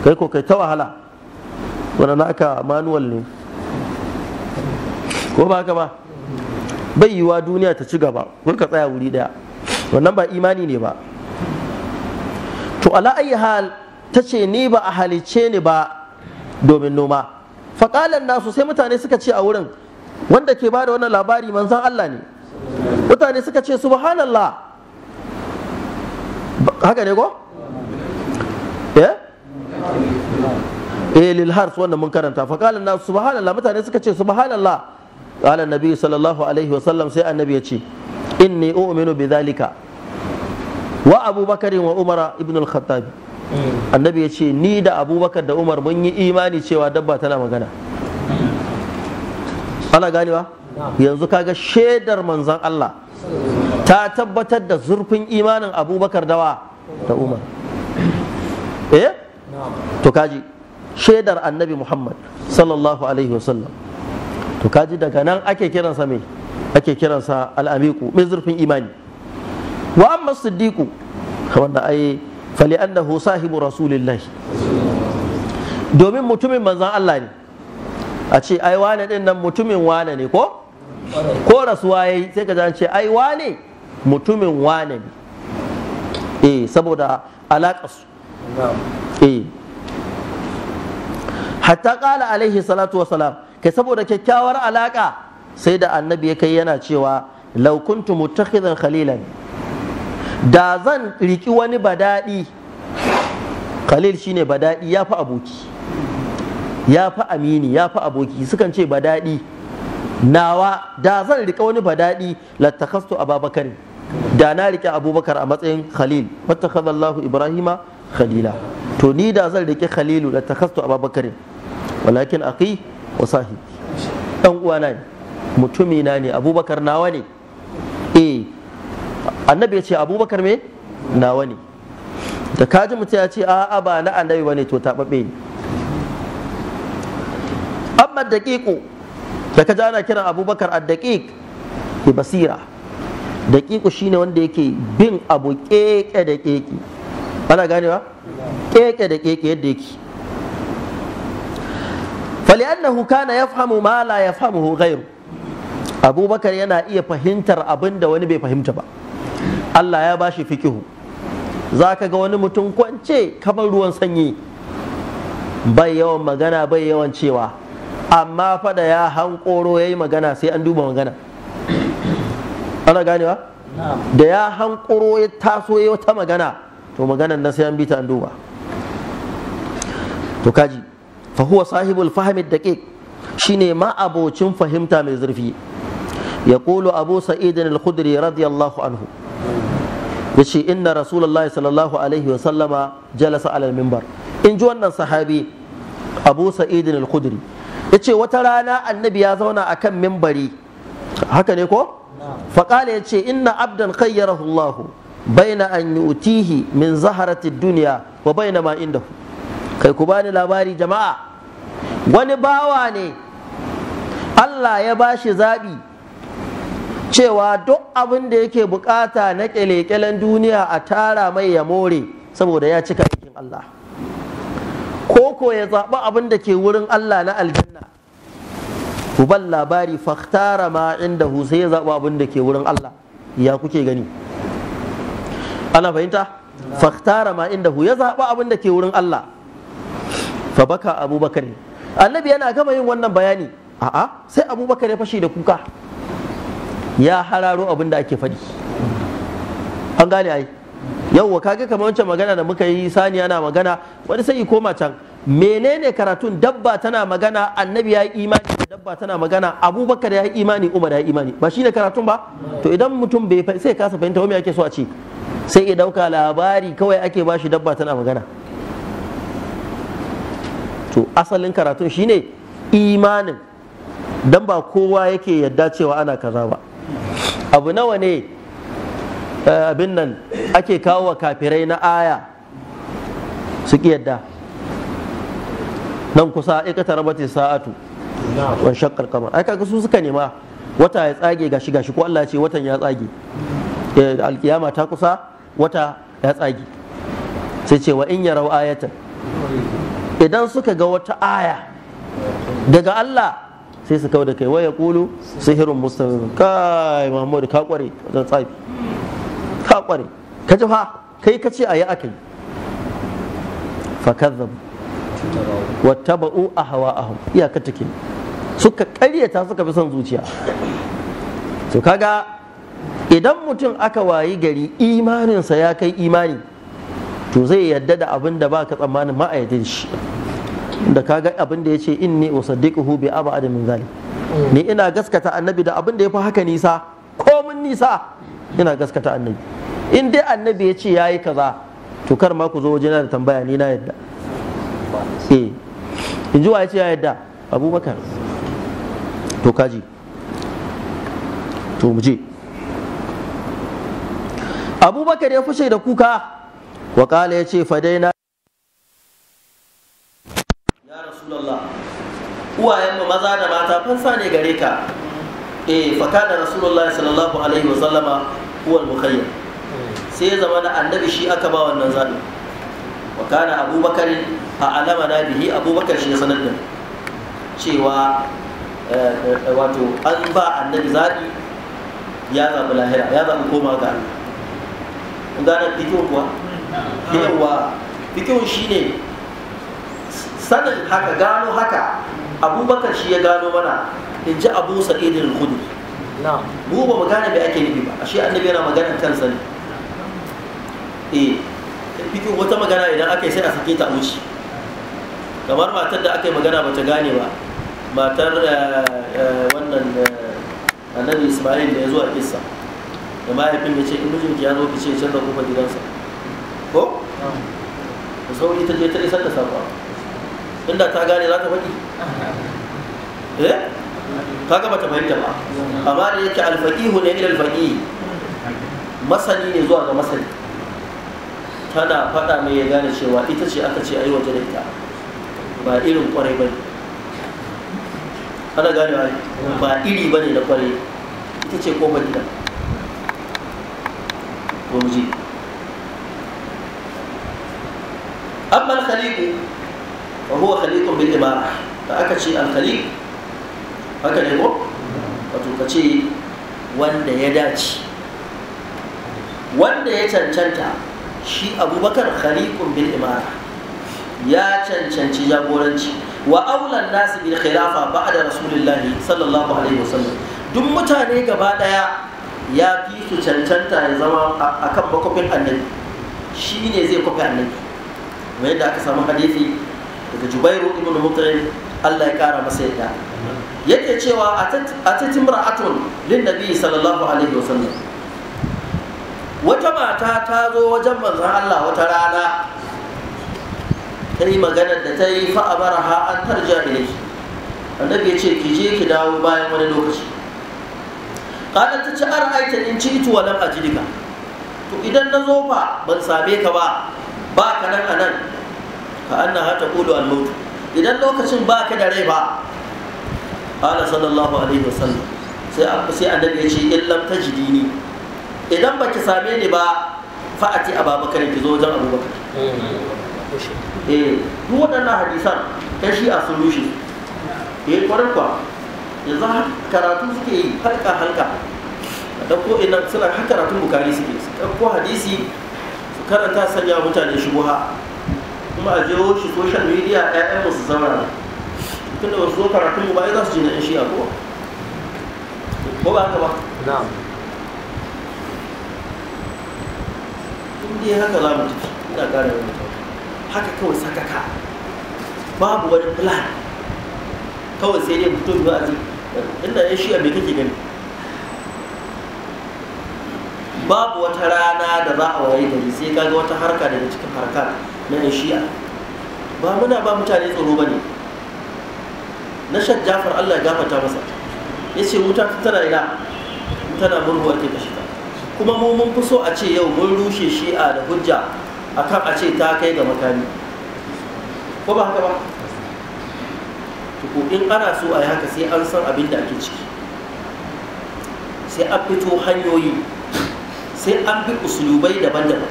Speaker 1: kai ko kai ta wahala wani naka manuwal ne ko ba haka ba bai yiwuwa duniya ta ci gaba ka tsaya wuri daya wannan ba imani ne ba to ala ayi hal ta ce ni ba a halice ni ba domin noma faƙalan nasu sai mutane suka ce a wurin wanda ke ba da wannan labari manzan Allah ne mutane suka ce subhanallah haka ne ko? eh eh lil hars wanda mun karanta fa qala na subhanallah mutane suka ce subhanallah qala nabi sallallahu alaihi wa sallam sai annabi ya ce inni u'minu bidhalika wa abubakar wa umara ibn al-khattab hmm. annabi ya ce ni da abubakar da umar mun yi imani cewa dabba tana magana ana ganewa yanzu kaga shaidar manzon Allah ta tabbatar da zurfin imanin abubakar dawa da umar eh to kaji shaidar annabi muhammad sallallahu alaihi wasallam to kaji daga nan ake kiransa mai ake kiransa al'amiku mai zurfin imani wa amma siddiqu wanda ai fali annahu sahibu rasulillahi domin mutumin manzan Allah ne a ce ai wane din nan mutumin wane ne ko ko rasuwa yayi sai ka ce ai wane mutumin wane ne eh saboda alaƙarsu Eh. hatta qala alaihi salatu wasalam kai saboda kyakkyawar alaka sai da annabi ya kai yana cewa laukuntu mutakhidan khalilan da zan riki wani badadi khalil shine badadi ya fi aboki ya fi amini ya fi aboki sukan ce badadi nawa da zan rika wani badadi a ababakar da na rike abubakar a matsayin khalil fattakhadallahu ibrahima khalila to ni da zan rike khalilu da takastu ababakarin walakin aqi wa sahibi dan uwana ne na ne abubakar nawa ne eh annabi ya ce abubakar me nawa ne da kaji mutum ya ce a'a ba na annabi bane to taɓaɓe ne amma daƙiƙo da kaji ana kiran abubakar ad-daqiq bi basira daƙiƙo shine wanda yake bin abu ƙeƙe da keke ana ganewa keke da keke yadda yake kana ya fahimu ma la ya fahimu gairu Abubakar yana iya fahimtar abin da wani bai fahimta ba Allah ya bashi fikihu Za ka ga wani mutum kwance kamar ruwan sanyi bai yawan magana bai yawan cewa amma fada ya hankoro yi magana sai an duba magana ana ganewa da ya hankoro ya taso ya wata magana to maganan na sai an bi ta an duba to kaji fa huwa sahibul fahmi daqiq shine ma abocin fahimta mai zurfi Ya kulu abu sa'id al-khudri radiyallahu anhu yace inna Rasulallah sallallahu alaihi wa sallama jalasa ala minbar in ji wannan sahabi abu sa'id al-khudri yace wata rana annabi ya zauna akan minbari haka ne ko faƙala ya ce inna abdan kayyarahu Allahu baina an yutihi min zaharati duniya wa baina ma indahu kai ku bani labari jama'a wani bawa ne Allah ya ba shi zaɓi cewa duk abin da yake bukata na kyale-kyalen duniya a tara mai ya more saboda ya cika cikin Allah ko ko ya zaɓi abin da ke wurin Allah na aljanna ku ban labari faktara ma inda sai ya zaɓi abin da ke wurin Allah ya kuke gani ana fahimta faktara ma inda ya zaɓa abin da ke wurin Allah fa baka abubakar annabi yana gama yin wannan bayani a'a sai abubakar ya fashe da kuka ya hararo abin da ake faɗi an gane ai yauwa kage kamar wancan magana da muka yi saniya na magana wani sai koma can menene karatun dabba tana magana annabi ya yi imani dabba tana magana abubakar ya yi imani umar ya yi imani ba shine karatun ba to idan mutum bai sai kasa fahimta wani ake so a ce sai ya dauka labari kawai ake ba shi dabba tana magana to asalin karatu shine imanin dan ba kowa yake yadda cewa ana kaza ba abu nawa ne eh, abin nan ake kawo wa kafirai na aya su ki yadda nan kusa ikata rabata sa'atu wan shaqqal qamar ai kaga su suka nema wata ya tsage gashi gashi ko Allah ya ce watan ya tsage eh, alkiyama ta kusa wata ya tsagi sai ce wa in ya rau ayatan idan suka ga wata aya daga Allah sai su kawo da kai waya kulu sihirun mustamin kai Muhammad ka kware wajen tsafi ka kware ka ji fa kai ka ce ayi akai fakazzabu wattaba'u ahwa'ahum iyaka take suka ƙaryata suka fi son zuciya to kaga idan mutum aka wayi gari imaninsa ya kai imani to zai yadda da abin da ba ka tsammanin ma'ayyadin shi da ga abin da ya ce inni usaddiquhu bi aba adamin zane. ni ina gaskata annabi da abin da ya fi haka nisa ko mun nisa ina gaskata annabi in dai annabi ya ce yayi kaza to kar ma ku zo na da tambaya ni na yadda eh in ji wa ya ce ya yadda abubakar to kaji to mu je abubakar ya fushe da kuka wa kala ya ce fadaina ya rasulallah uwayen mu maza da mata fansa ne gare ka eh faka da rasulallah sallallahu alaihi wa sallama huwal mukhayyar sai ya zama da annabi shi aka ba wannan zabi wa kana abubakar a alama na bihi abubakar shi ya sanar da cewa eh, eh, wato an ba annabi zabi ya zabi lahira ya zabi koma ga Allah gane fikihu kuwa hmm. yawa shi shine sanin haka gano haka abubakar shi ya gano mana in ji abu sa'idin al-khudri mu ba magana bai ake nufi ba ashe annabi yana magana kansa ne eh fikihu wata magana idan aka yi sai a sake ta wuce kamar matar da aka yi magana bata gane ba matar eh, eh, wannan eh, annabi isma'il da ya zo a kissa da mahaifin ya ce in mijinki ya zo ki ce canza kuma gidansa ko da sauri ta je ta isar da sabuwa inda ta gane za ta faɗi eh kaga bata fahimta ba amma da yake alfaqihu ne ila alfaqih masani ne zuwa ga masani tana faɗa mai ya gane cewa ita ce aka ce ayi waje da ita ba irin kwarai ba ne ana gane ba ba iri ba ne da kwarai ita ce ba gidan to mu je amma al-khaliq imara da aka ce al-khaliq haka ne ko wato ka ce wanda ya dace wanda ya cancanta shi abubakar khaliqun bil imara ya cancanci jagoranci wa aulan nasi khilafa ba'da rasulillahi sallallahu alaihi duk mutane gaba daya ya fi Su cancanta ya zama a kan bakwafin annabi shi ne zai kwafi annabi kamar yadda aka samu hadisi daga jubairu ibn mutrin Allah ya kara masa yadda yake cewa a titin ra'atun lin nabi sallallahu alaihi sallam, wata mata ta zo wajen manzon Allah wata rana ta yi magana da ta yi fa'abara ha'antar an annabi ya ce ki je ki dawo bayan wani lokaci kana ta ci aita in ci itu wa ajidika to idan na zo fa ban same ka ba ba ka nan anan ka annaha taqulu al-maut idan lokacin ba ka da rai ba qala sallallahu alaihi wasallam sai an sai annabi ya ce in lam tajidini idan baki same ni ba fa'ati ababakar ki zo wajen abubakar eh duk waɗannan hadisan kashi a sun eh kwarar kwa yanzu karatu suke yi halka halka a ɗauko ina suna har karatun bukari suke su ɗauko hadisi su karanta sanya mutane shubuha kuma a jiyo shi social media ɗayan musu zama tun da wasu zo karatun mu ba za su ji na shi a ko ko ba haka ba na'am haka za mu tafi ina gane wani haka kawai sakaka babu wani plan kawai sai dai mutum ba a inda ya shi abin kake gani babu wata rana da za a waye gari sai kaga wata harka daga cikin harka na yan shi'a ba muna ba mutane tsoro ba ne na shan jafar allah gafarta masa ya ce wuta tana ina tana murhuwa ke kashi ta kuma mu mun fi so a ce yau mun rushe shi'a da hujja akan a ce ta kai ga makami ko ba haka ba ko in ana so a yi haka sai an san abin da ake ciki sai an fito hanyoyi sai an bi usulubai daban-daban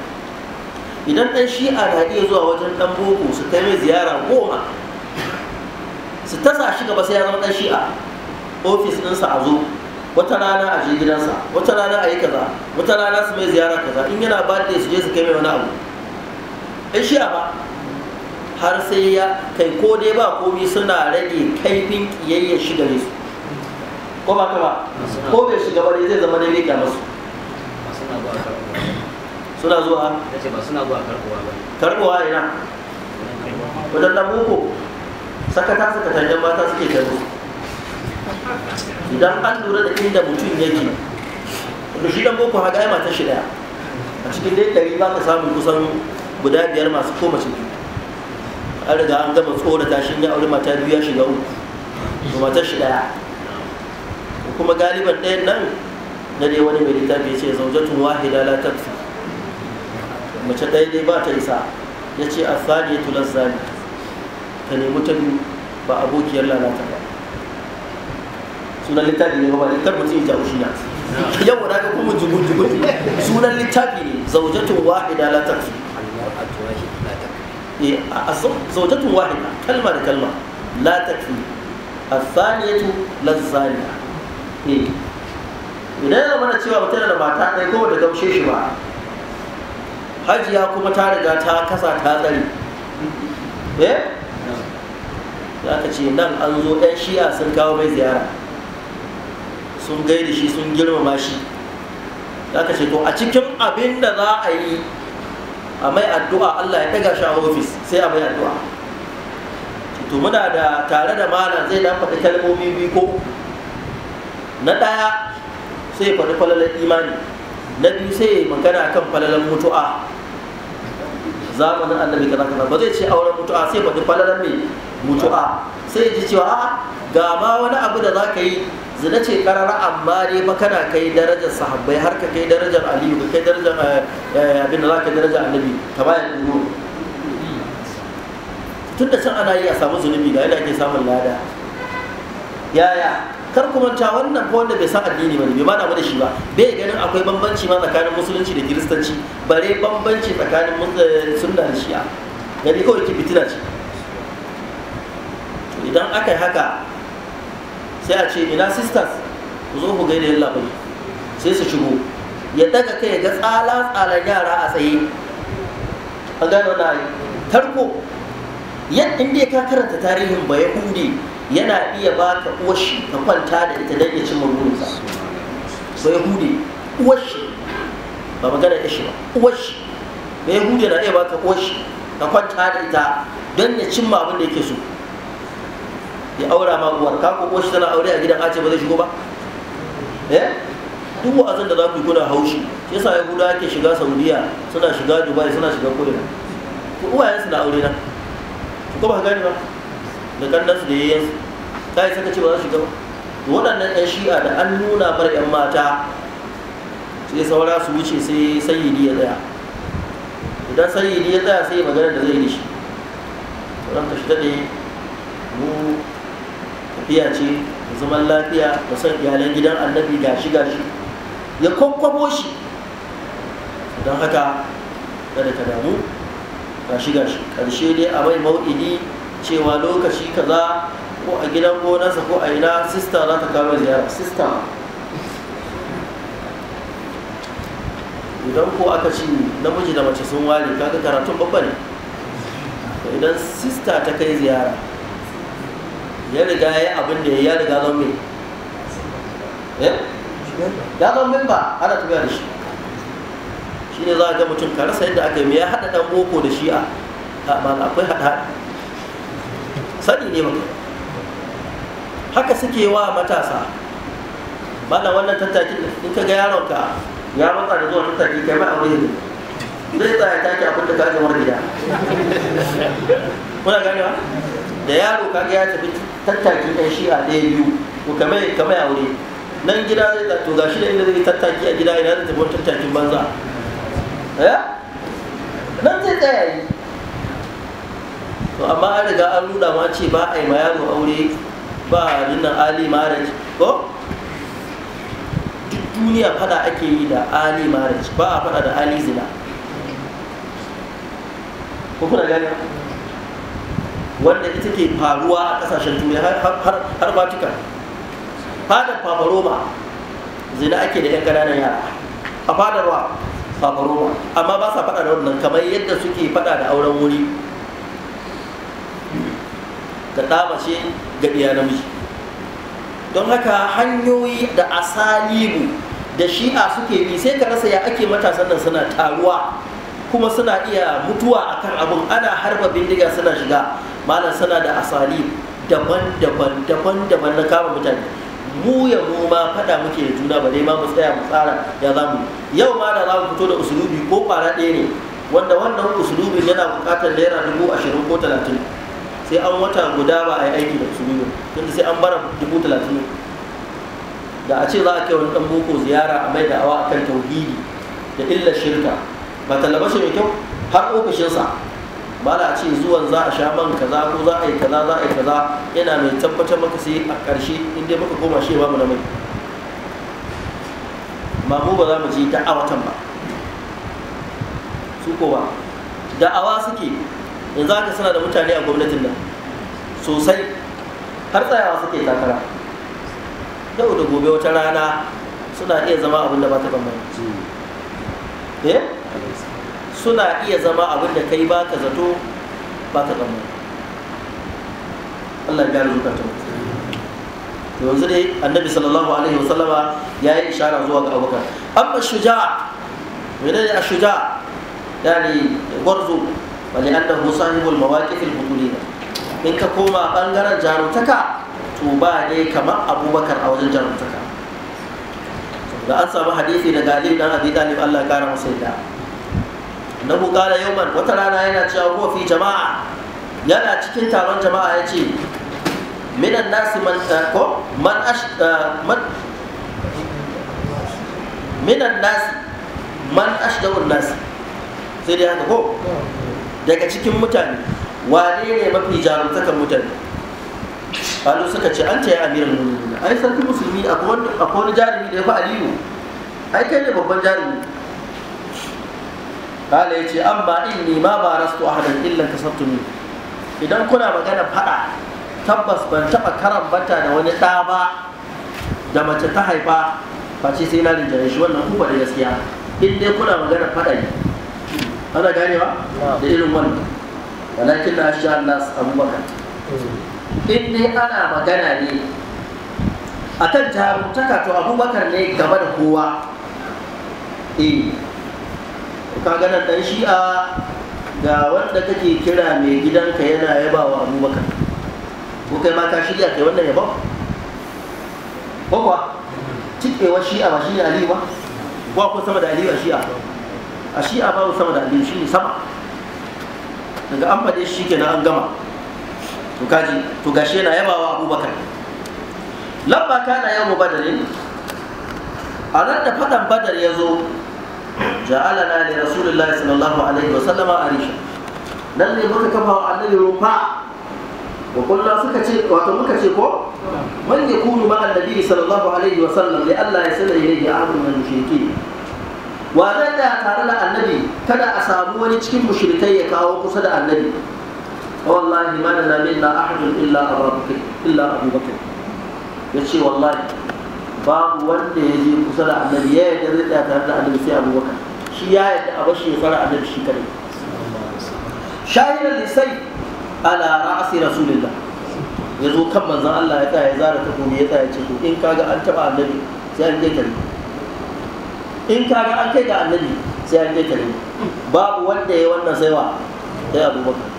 Speaker 1: idan ɗan shi'a na iya zuwa wajen ɗan boko su kai mai ziyara goma su tasa shi gaba sai ya zama ɗan shi'a ofis ɗinsa a zo wata rana a je gidansa wata rana a yi kaza wata rana su mai ziyara kaza in yana ba da su je su kai mai wani abu ɗan shi'a ba har sai ya kai ko dai ba komi suna rage kaifin kiyayya shi gare su ko ba ka ba ko bai shiga ba zai zama dai ga musu suna zuwa yace ba suna zuwa karbuwa ba karbuwa ina wajen da muku sakata sakatan yan mata suke kai musu idan an lura da inda mutum yake da shi dan boko haka ai mata shi daya a cikin dai dari ba ka samu kusan guda biyar masu koma ciki an riga an gama tsorata shi ya aure mata biyu ya shiga uku mata shi daya kuma galiban ɗayan nan na dai wani mai littafi ce zaujatun wahida la tafsi mace ɗaya dai ba ta isa ya ce a tsari ya tular zani ta nemi ta ba abokiyar lalata ba sunan littafi ne ba littafi mutum ya jawo shi na yau da ka kuma jugun jugun sunan littafi ne zaujatun wahida la tafsi zaujatun wahida kalma da kalma la takfi asaniyatu idan yana mana cewa mutum da mata ɗaya ko da gamshe shi ba hajiya kuma ta riga ta kasa ta tsari eh za ka ce nan an zo ɗan shi'a sun kawo mai ziyara sun gaida shi sun girmama shi za ka ce to a cikin abin da za a yi amma addu'a Allah ya ɗaga shi a ofis sai a mai addu'a to muna da tare da malam zai dan faɗi kalmomi biyu ko na ɗaya sai faɗi falalar imani na biyu sai magana kan falalar mutu'a zamanin annabi kaza kaza ba zai ce auren mutu'a sai faɗi falalar mai mutu'a sai ji cewa ga ma wani abu da za ka yi zina ce karara amma dai makana kai darajar sahabbai har ka kai darajar aliyu ka kai darajar eh, eh, abin da za ka darajar annabi ta bayan dubu tun da can ana yi a samu zunubi ga yadda ake samun lada yaya kar ku manta wannan ko wanda bai san addini ne bai bada da shi ba bai ganin akwai bambanci ma tsakanin musulunci da kiristanci bare bambanci tsakanin eh, sunna da shi'a gani kawai ki fitina ce idan aka yi haka sai a ce ina sisters ku zo ku gaida yin labari sai su shigo ya daga kai ga tsala tsalan yara a tsaye a gano na tarko yadda inda ka karanta tarihin ba yahudi yana iya baka uwashi ka kwanta da ita don ya ci murmurinsa ba yahudi uwashi ba magana ya shi ba uwashi ba yahudi na iya baka uwashi ka kwanta da ita don ya cimma abin da yake so ya aura ma uwar ka ko shi tana aure a gidan ace ba zai shigo ba eh duk azan da za ku yi kuna haushi shi yasa guda ake shiga saudiya suna shiga dubai suna shiga kodina to uwayensu na aure na ko ba gani ba da su da yayyansu ta yi saka ce ba za su shiga ba to waɗannan ɗan shi'a da an nuna mara 'yan mata sai saura su wuce sai sayyidi ya tsaya idan sayyidi ya tsaya sai magana da zai yi shi ranta shi ne mu tafiya ce da zaman lafiya da son iyalan gidan annabi gashi gashi ya kwakwabo shi don haka kada ka damu gashi gashi karshe dai a mai mau'idi cewa lokaci kaza ko a gidan gonarsa ko a ina sista za ta kawo ziyara sista idan ko aka ci namiji da mace sun ware kaga karatun babba ne idan sista ta kai ziyara ya riga ya abin da ya riga zama mai eh? ya zama ba ana tafiya da shi shi ne za a ga mutum ka rasa yadda aka yi ya haɗa ɗan boko da shi a amma akwai haɗa sani ne ba haka suke wa matasa bana wannan tattaki in ka ga yaron ka ya matsa da zuwa tattaki kai mai aure ne zai tsaya taki abin da ka ga gida kuna ganewa da yaro ka ga ya tafi tattaki ɗan a ɗaya biyu ko kamar kamar aure nan gida zai to gashi da inda zai tattaki a gida ina zai tafi tattakin banza eh? nan zai tsaya yi to amma an riga an nuna ma ce ba a yi ma yaro aure ba nuna ali marriage ko duk duniya fada ake yi da ali marriage ba a fada da ali zina ko kuna gani wanda ita ke faruwa a kasashen turai har vatican fadar fafaroma zina ake da 'yan ƙananan yara a fadarwa fafaroma amma ba sa faɗa da wannan kamar yadda suke faɗa da auren wuri da ce ga ɗiya namiji don haka hanyoyi da asalibu da shi'a suke bi sai ka rasa ya ake matasan nan suna taruwa kuma suna iya mutuwa akan abun ana harba bindiga suna shiga malam sana da asali daban-daban daban-daban na kama mutane mu ya mu ma faɗa muke da juna ba dai ma mu tsaya mu tsara ya za yau ma da zamu fito da usulubi ko fara ɗaya ne wanda wannan usulubin yana buƙatar naira dubu ashirin ko talatin sai an wata guda ba a yi aiki da usulubi tunda sai an bara dubu talatin da a ce za a kai wani ɗan boko ziyara a mai da awa akan tauhidi da illar shirka ba talaba shi mai kyau har ofishinsa ba na ce zuwan za a sha man kaza ko za a yi kaza za a yi kaza yana mai tabbatar maka sai a ƙarshe inda dai muka koma shi ba mu na mai ba mu ba za mu ji da'awatan ba su ko ba da'awa suke za ka sana da mutane a gwamnatin nan sosai har tsayawa suke takara yau da gobe wata rana suna iya zama abin da ba ta bambanci. Hmm. eh suna iya zama abin da kai ba ka zato ba ka zama Allah ya gane zukata yanzu dai annabi sallallahu alaihi wasallama ya yi ishara zuwa ga abubakar amma shuja mene ne a shuja yani gwarzo wani an da musahibul mawaƙifin hukulina in ka koma ɓangaren jarumtaka to ba ne kamar abubakar a wajen jarumtaka da an samu hadisi daga alim dan abi talib Allah ya kara masa yadda annabu kala yawman wata rana yana cewa huwa fi jama'a yana cikin taron jama'a ya ce minan nasi man eh, ko man ash eh, man minan nasi man ashdawun nasi sai dai haka ko daga cikin mutane wane ne mafi jarumtakan mutane Alu suka ce an ce ya amirin mummuni ai sarki musulmi akwai wani jarumi da ya fi aliyu ai kai ne babban jarumi kala ya ce amma inni ma ba rastu ahadan illa kasabtu min idan kuna magana faɗa. tabbas ban taba karambata da wani ɗa ba da mace ta haifa face sai na rinjaye shi wannan kuma da gaskiya in dai kuna magana faɗa ne ana ganewa da irin wannan walakin na sha Allah abubakar in dai ana magana ne a kan jarumtaka to abubakar ne gaba da kowa eh ka ganin ɗan shi'a ga wanda kake kira mai gidanka yana yaba wa abubakar ko kai ma ka shirya kai wannan yabon ko kuwa cikewar shi'a ba shi ne aliyu ba ko kuma sama da aliyu a shi'a a shi'a babu sama da aliyu shi ne sama daga an faɗe shi ke an gama to kaji to gashi yana yabawa abubakar lamba kana yau badarin a ran da faɗan badar ya zo ja'alana li rasulillahi sallallahu alaihi wa sallama arisha nan ne muka kafa wa annabi rumfa wa kullu suka ce wato muka ce ko man yakunu ma annabi sallallahu alaihi wa sallam li Allah ya sallallahu alaihi ahadun min mushriki wa zan da tare da annabi kada a samu wani cikin mushrikai ya kawo kusa da annabi wallahi ma lana minna ahadun illa abu bakr illa abu bakr yace wallahi babu wanda ya je kusa da annabi ya yarda zai tsaya tare da annabi sai abubakar shi ya yarda a bashi fara annabi shi kadai shahidan lisai ala ra'asi rasulillah ya zo kan manzon Allah ya tsaya ya zara ta gobe ya tsaya ce to in kaga an taba annabi sai an je kare in kaga an kai ga annabi sai an je kare babu wanda ya wannan sai wa sai abubakar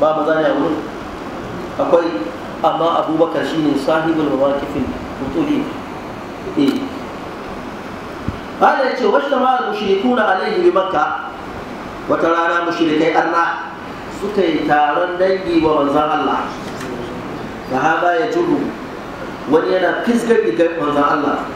Speaker 1: ba maza ne a wuri akwai amma abubakar shine sahibul mawaqifin mutuli eh Allah ya ce washtama al na alayhi bi makka wata rana mushrikai arna suka yi taron dangi wa manzon Allah da haza ya juru wani yana fisgar rigar manzon Allah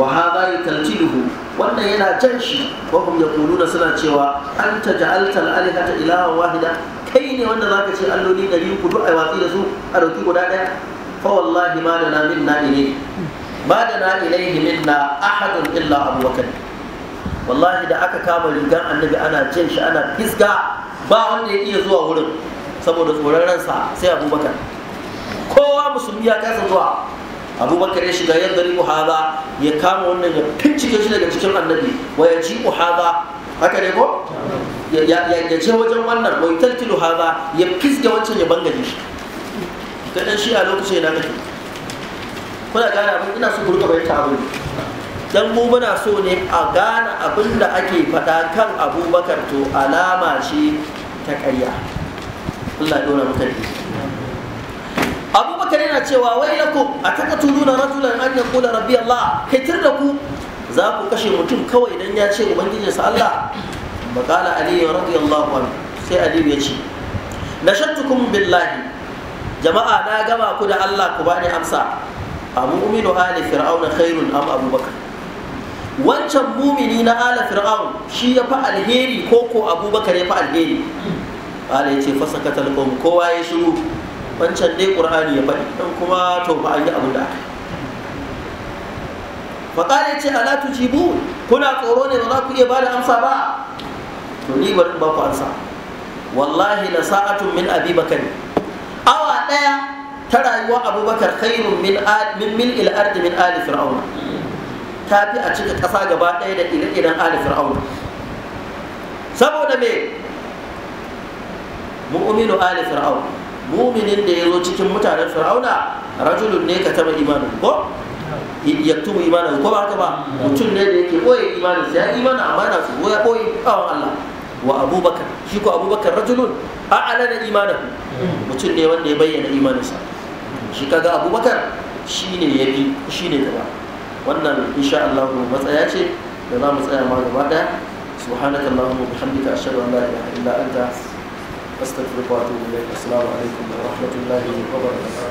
Speaker 1: wa haza ya tarjiluhu wannan yana jan shi ya hum yaquluna suna cewa anta ja'alta al-alihata wahida kai ne wanda zaka ce alloli ɗari uku duk a watsi da su a ɗauki guda ɗaya fa wallahi ma da na minna ilai Ba da na ahadun illa abubakar wallahi da aka kama rigar annabi ana jin shi ana fisga ba wanda ya iya zuwa wurin saboda tsoron ransa sai abubakar kowa musulmi ya kasa zuwa abubakar ya shiga yadda ni haza ya kama wannan ya fincike shi daga cikin annabi wa ya ji haza haka ne ko ya ce wajen wannan wai taltilu haza ya fisge wancan ya bangare shi kadan shi a lokacin yana kake kuna gane abin ina so kurka rika bayyana abin dan mu muna so ne a gane abin da ake faɗa kan abubakar to alama ce ta ƙarya Allah ya dora abubakar yana cewa wai lakum a taka rajulan an yaqula rabbi Allah kai tir da ku za ku kashe mutum kawai idan ya ce ubangijinsa Allah bakala aliyu radiyallahu anhu sai aliyu ya ce na billahi jama'a na gama ku da Allah ku bani amsa abu uminu ali fir'aun khairun am abubakar wancan mumini na ala fir'aun shi ya fa alheri ko ko abubakar ya fa alheri ala ya ce fasaka talqom kowa ya shiru wancan dai qur'ani ya faɗi dan kuma to ba an yi abu da aka fa qala yace ala tujibu kuna tsoro ne ba za ku iya bada amsa ba to ni bari ba ku amsa wallahi la sa'atun min abi bakr awa ɗaya ta rayuwa abubakar khairun min min mil al min ali fir'auna ta fi a cika kasa gaba ɗaya da ire-iren ali fir'auna saboda me mu'minu ali Fir'aun, muminin da ya zo cikin mutanen fir'auna rajulun ne ka taba imanin ko tuba imanin ko ba haka ba mutum ne da yake boye imanin sai ya imana amma yana su ya boye awon Allah wa abubakar shi ko abubakar rajulun da imanin mutum ne wanda ya bayyana imaninsa shi kaga abubakar shine yabi shine gaba wannan insha Allah matsaya ce da za mu tsaya ma gaba daya subhanakallahumma wa bihamdika ashhadu an la ilaha illa anta astaghfiruka wa atubu ilayk assalamu alaikum wa rahmatullahi wa barakatuh